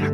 I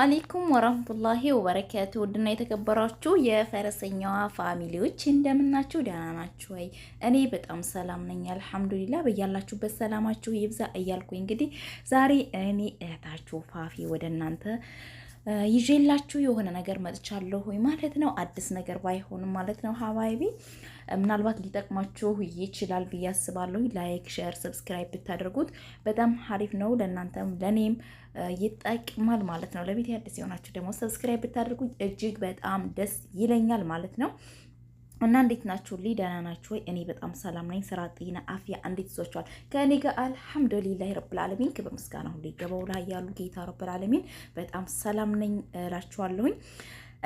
አሌይኩም ወራህመቱላሂ ወበረካቱ። ውድና የተከበራችሁ የፈረሰኛዋ ፋሚሊዎች እንደምናችሁ ደህና ናችሁ ወይ? እኔ በጣም ሰላም ነኝ አልሐምዱሊላ። በያላችሁበት ሰላማችሁ ይብዛ እያልኩኝ እንግዲህ ዛሬ እኔ እህታችሁ ፋፊ ወደ እናንተ ይዤላችሁ የሆነ ነገር መጥቻለሁ ማለት ነው። አዲስ ነገር ባይሆንም ማለት ነው ሀባይቢ ምናልባት ሊጠቅማችሁ ይችላል ብዬ አስባለሁ። ላይክ፣ ሼር፣ ሰብስክራይብ ብታደርጉት በጣም ሀሪፍ ነው። ለእናንተም ለእኔም ይጠቅማል ማለት ነው። ለቤት አዲስ የሆናችሁ ደግሞ ሰብስክራይብ ብታደርጉ እጅግ በጣም ደስ ይለኛል ማለት ነው። እና እንዴት ናችሁ? ሊ ደህና ናችሁ ወይ? እኔ በጣም ሰላም ነኝ። ስራ፣ ጤና፣ አፍያ እንዴት ይዟችኋል? ከእኔ ጋር አልሐምዱሊላህ ረብል ክብር ምስጋና ሁሉ ይገባው ላይ ያሉ ጌታ ረብል በጣም ሰላም ነኝ እላችኋለሁኝ።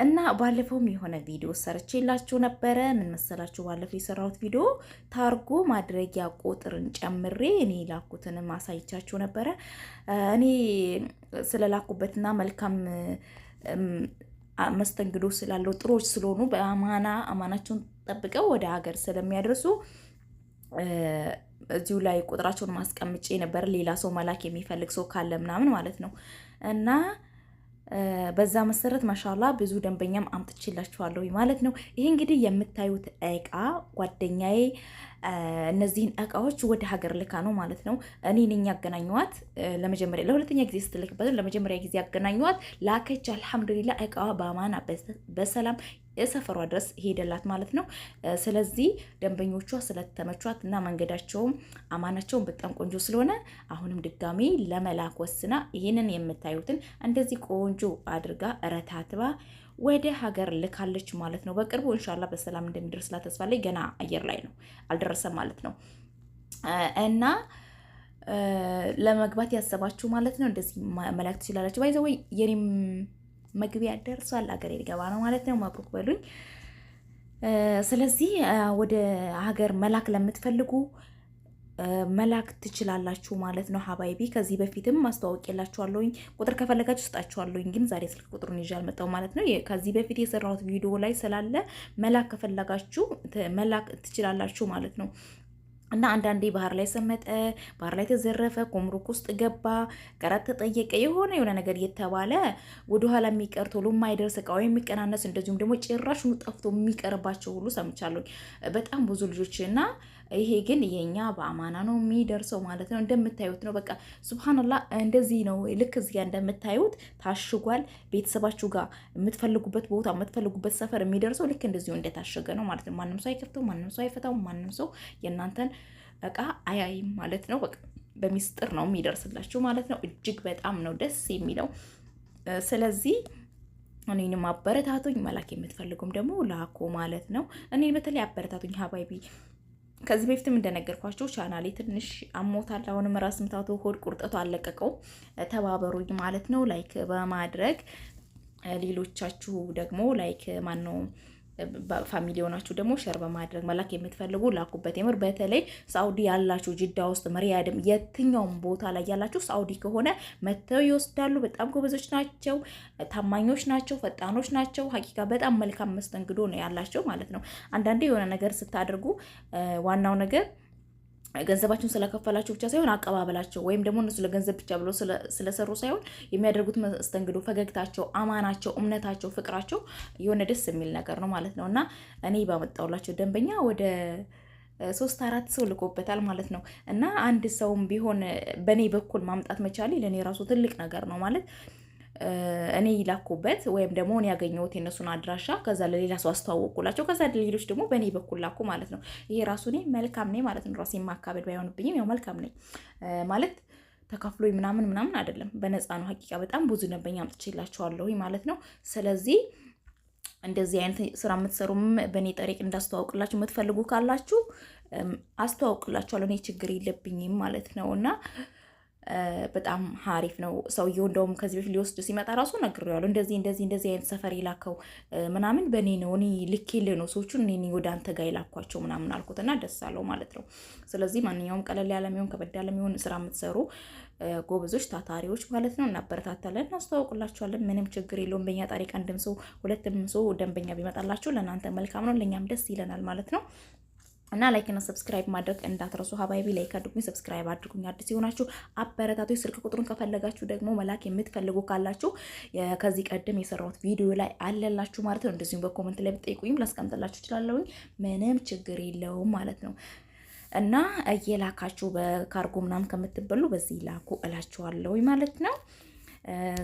እና ባለፈውም የሆነ ቪዲዮ ሰርቼላችሁ ነበረ። ምን መሰላችሁ? ባለፈው የሰራሁት ቪዲዮ ታርጎ ማድረጊያ ቁጥርን ጨምሬ እኔ ላኩትን ማሳይቻችሁ ነበረ። እኔ ስለላኩበትና መልካም መስተንግዶ ስላለው ጥሮች ስለሆኑ በአማና አማናቸውን ጠብቀው ወደ ሀገር ስለሚያደርሱ እዚሁ ላይ ቁጥራቸውን ማስቀምጬ ነበር። ሌላ ሰው መላክ የሚፈልግ ሰው ካለ ምናምን ማለት ነው እና በዛ መሰረት ማሻላ ብዙ ደንበኛም አምጥቼላችኋለሁ ማለት ነው። ይሄ እንግዲህ የምታዩት እቃ ጓደኛዬ እነዚህን እቃዎች ወደ ሀገር ልካ ነው ማለት ነው። እኔ ነኝ ያገናኘዋት ለመጀመሪያ ለሁለተኛ ጊዜ ስትልክበት ለመጀመሪያ ጊዜ ያገናኘዋት ላከች። አልሐምዱሊላ እቃዋ በአማና በሰላም የሰፈሯ ድረስ ሄደላት ማለት ነው። ስለዚህ ደንበኞቿ ስለተመቿት እና መንገዳቸውም አማናቸውን በጣም ቆንጆ ስለሆነ አሁንም ድጋሚ ለመላክ ወስና ይህንን የምታዩትን እንደዚህ ቆንጆ አድርጋ ረታትባ ወደ ሀገር ልካለች ማለት ነው። በቅርቡ እንሻላ በሰላም እንደሚደርስ ላተስፋ ላይ ገና አየር ላይ ነው፣ አልደረሰም ማለት ነው እና ለመግባት ያሰባችሁ ማለት ነው እንደዚህ መላክ ትችላላችሁ። ባይዘወይ የኔም መግቢያ ደርሷል። አገሬ ሊገባ ነው ማለት ነው። መብሩክ በሉኝ። ስለዚህ ወደ ሀገር መላክ ለምትፈልጉ መላክ ትችላላችሁ ማለት ነው። ሀባይቢ ከዚህ በፊትም አስተዋውቄላችኋለሁኝ። ቁጥር ከፈለጋችሁ ስጣችኋለሁኝ፣ ግን ዛሬ ስልክ ቁጥሩን ይዤ አልመጣሁም ማለት ነው። ከዚህ በፊት የሰራሁት ቪዲዮ ላይ ስላለ መላክ ከፈለጋችሁ መላክ ትችላላችሁ ማለት ነው። እና አንዳንዴ ባህር ላይ ሰመጠ፣ ባህር ላይ ተዘረፈ፣ ኮምሩክ ውስጥ ገባ፣ ቀረጥ ተጠየቀ፣ የሆነ የሆነ ነገር እየተባለ ወደኋላ የሚቀር ቶሎ የማይደርስ እቃው የሚቀናነስ እንደዚሁም ደግሞ ጭራሽኑ ጠፍቶ የሚቀርባቸው ሁሉ ሰምቻለሁ በጣም ብዙ ልጆች እና ይሄ ግን የኛ በአማና ነው የሚደርሰው ማለት ነው። እንደምታዩት ነው በቃ ሱብሃንላ እንደዚህ ነው። ልክ እዚያ እንደምታዩት ታሽጓል። ቤተሰባችሁ ጋር የምትፈልጉበት ቦታ የምትፈልጉበት ሰፈር የሚደርሰው ልክ እንደዚሁ እንደታሸገ ነው ማለት ነው። ማንም ሰው አይከፍተው፣ ማንም ሰው አይፈታው፣ ማንም ሰው የእናንተን እቃ አያይም ማለት ነው። በቃ በሚስጥር ነው የሚደርስላችሁ ማለት ነው። እጅግ በጣም ነው ደስ የሚለው። ስለዚህ እኔንም አበረታቱኝ። መላክ የምትፈልጉም ደግሞ ላኩ ማለት ነው። እኔን በተለይ አበረታቱኝ ሀባይቢ ከዚህ በፊትም እንደነገርኳቸው ቻናሌ ትንሽ አሞታል። አሁንም ራስ ምታቱ፣ ሆድ ቁርጠቱ አለቀቀው። ተባበሩኝ ማለት ነው ላይክ በማድረግ ሌሎቻችሁ ደግሞ ላይክ ማነው ነው ፋሚሊ የሆናችሁ ደግሞ ሸር በማድረግ መላክ የምትፈልጉ ላኩበት። የምር በተለይ ሳውዲ ያላችሁ ጅዳ ውስጥ መሪያድም፣ የትኛውም ቦታ ላይ ያላችሁ ሳውዲ ከሆነ መተው ይወስዳሉ። በጣም ጎበዞች ናቸው፣ ታማኞች ናቸው፣ ፈጣኖች ናቸው። ሀቂቃ በጣም መልካም መስተንግዶ ነው ያላቸው ማለት ነው። አንዳንዴ የሆነ ነገር ስታደርጉ ዋናው ነገር ገንዘባቸውን ስለከፈላቸው ብቻ ሳይሆን አቀባበላቸው ወይም ደግሞ እነሱ ለገንዘብ ብቻ ብሎ ስለሰሩ ሳይሆን የሚያደርጉት መስተንግዶ፣ ፈገግታቸው፣ አማናቸው፣ እምነታቸው፣ ፍቅራቸው የሆነ ደስ የሚል ነገር ነው ማለት ነው እና እኔ ባመጣውላቸው ደንበኛ ወደ ሶስት አራት ሰው ልኮበታል ማለት ነው እና አንድ ሰውም ቢሆን በእኔ በኩል ማምጣት መቻሌ ለእኔ ራሱ ትልቅ ነገር ነው ማለት እኔ ይላኩበት ወይም ደግሞ እኔ ያገኘሁት የነሱን አድራሻ ከዛ ለሌላ ሰው አስተዋወቁላቸው ከዛ ሌሎች ደግሞ በእኔ በኩል ላኩ ማለት ነው። ይሄ ራሱ እኔ መልካም ነኝ ማለት ነው። ራሴ ማካበድ ባይሆንብኝም ያው መልካም ነኝ ማለት ተካፍሎ ምናምን ምናምን አይደለም፣ በነፃ ነው። ሀቂቃ በጣም ብዙ ነበኝ አምጥቼላቸዋለሁ ማለት ነው። ስለዚህ እንደዚህ አይነት ስራ የምትሰሩም በእኔ ጠሪቅ እንዳስተዋውቅላችሁ የምትፈልጉ ካላችሁ አስተዋውቅላችኋለሁ። እኔ ችግር የለብኝም ማለት ነው እና በጣም ሀሪፍ ነው። ሰውየው እንደውም ከዚህ በፊት ሊወስድ ሲመጣ ራሱ ነግሬዋለሁ። እንደዚህ እንደዚህ እንደዚህ አይነት ሰፈር የላከው ምናምን በእኔ ነው እኔ ልኬልህ ነው ሰዎቹን እኔ ወደ አንተ ጋር የላኳቸው ምናምን አልኩት እና ደስ አለው ማለት ነው። ስለዚህ ማንኛውም ቀለል ያለሚሆን ከበድ ያለሚሆን ስራ የምትሰሩ ጎበዞች፣ ታታሪዎች ማለት ነው እናበረታታለን፣ እናስተዋውቁላቸዋለን። ምንም ችግር የለውም። በእኛ ጣሪቅ አንድም ሰው ሁለትም ሰው ደንበኛ ቢመጣላቸው ለእናንተ መልካም ነው፣ ለእኛም ደስ ይለናል ማለት ነው። እና ላይክ እና ሰብስክራይብ ማድረግ እንዳትረሱ። ሀባይቢ ላይክ አድርጉኝ፣ ሰብስክራይብ አድርጉኝ። አዲስ የሆናችሁ አበረታቶች ስልክ ቁጥሩን ከፈለጋችሁ ደግሞ መላክ የምትፈልጉ ካላችሁ ከዚህ ቀደም የሰራሁት ቪዲዮ ላይ አለላችሁ ማለት ነው። እንደዚሁም በኮመንት ላይ ብጠይቁኝም ላስቀምጥላችሁ እችላለሁኝ። ምንም ችግር የለውም ማለት ነው። እና እየላካችሁ በካርጎ ምናምን ከምትበሉ በዚህ ላኩ እላችኋለሁኝ ማለት ነው።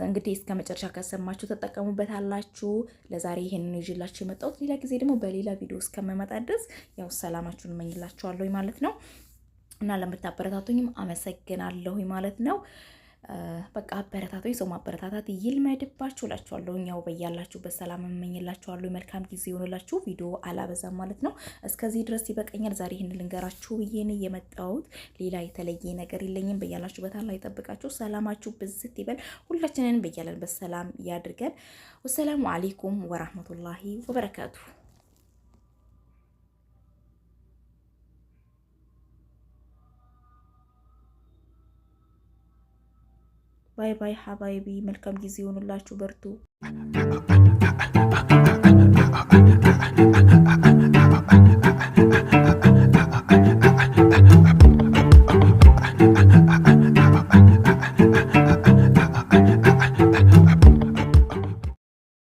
እንግዲህ እስከ መጨረሻ ከሰማችሁ ተጠቀሙበት አላችሁ። ለዛሬ ይሄንን ይዤላችሁ የመጣሁት ሌላ ጊዜ ደግሞ በሌላ ቪዲዮ እስከመመጣ ድረስ ያው ሰላማችሁን እመኝላችኋለሁ ማለት ነው እና ለምታበረታቱኝም አመሰግናለሁ ማለት ነው። በቃ አበረታቶ ሰው ማበረታታት ይልመድባችሁ እላችኋለሁ። እኛው በያላችሁበት ሰላም እመኝላችኋለሁ። መልካም ጊዜ ይሆንላችሁ። ቪዲዮ አላበዛም ማለት ነው። እስከዚህ ድረስ ይበቀኛል። ዛሬ ይህን ልንገራችሁ ብዬ ነው የመጣሁት። ሌላ የተለየ ነገር የለኝም። በያላችሁበት አላህ ይጠብቃችሁ። ሰላማችሁ ብዝት ይበል። ሁላችንን በያለንበት ሰላም ያድርገን። ወሰላሙ አሌይኩም ወራህመቱላሂ ወበረካቱሁ። ባይ ባይ ሀባይቢ፣ መልካም ጊዜ ይሆንላችሁ፣ በርቱ።